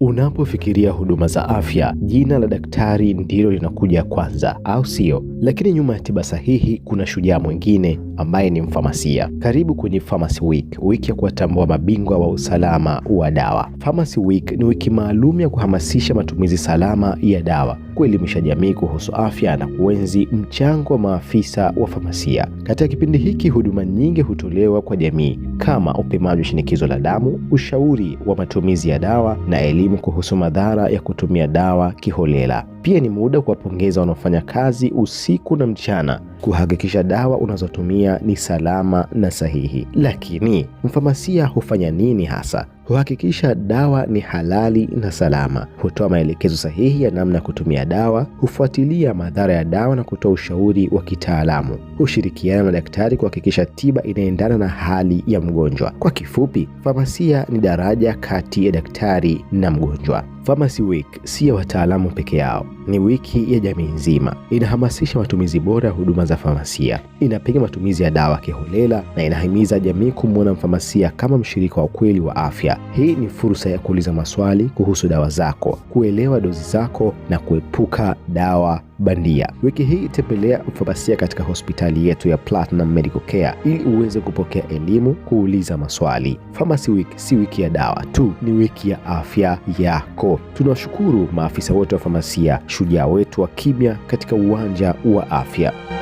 Unapofikiria huduma za afya, jina la daktari ndilo linakuja kwanza, au sio? Lakini nyuma ya tiba sahihi kuna shujaa mwingine ambaye ni mfamasia. Karibu kwenye Pharmacy Week, wiki ya kuwatambua mabingwa wa usalama wa dawa. Pharmacy Week ni wiki maalum ya kuhamasisha matumizi salama ya dawa, kuelimisha jamii kuhusu afya na kuenzi mchango wa maafisa wa famasia. Katika kipindi hiki, huduma nyingi hutolewa kwa jamii kama upimaji wa shinikizo la damu, ushauri wa matumizi ya dawa na elimu kuhusu madhara ya kutumia dawa kiholela. Pia ni muda wa kuwapongeza wanaofanya kazi usiku na mchana kuhakikisha dawa unazotumia ni salama na sahihi. Lakini mfamasia hufanya nini hasa? Huhakikisha dawa ni halali na salama, hutoa maelekezo sahihi ya namna ya kutumia dawa, hufuatilia madhara ya dawa na kutoa ushauri wa kitaalamu, hushirikiana na daktari kuhakikisha tiba inaendana na hali ya mgonjwa. Kwa kifupi, famasia ni daraja kati ya daktari na mgonjwa. Pharmacy Week si ya wataalamu peke yao, ni wiki ya jamii nzima. Inahamasisha matumizi bora ya huduma za famasia, inapinga matumizi ya dawa kiholela na inahimiza jamii kumwona mfamasia kama mshirika wa kweli wa afya. Hii ni fursa ya kuuliza maswali kuhusu dawa zako, kuelewa dozi zako na kuepuka dawa bandia. Wiki hii tembelea mfamasia katika hospitali yetu ya Platinum Medical Care ili uweze kupokea elimu, kuuliza maswali. Famasi Week si wiki ya dawa tu, ni wiki ya afya yako. Tunawashukuru maafisa wote wa famasia, shujaa wetu wa kimya katika uwanja wa afya.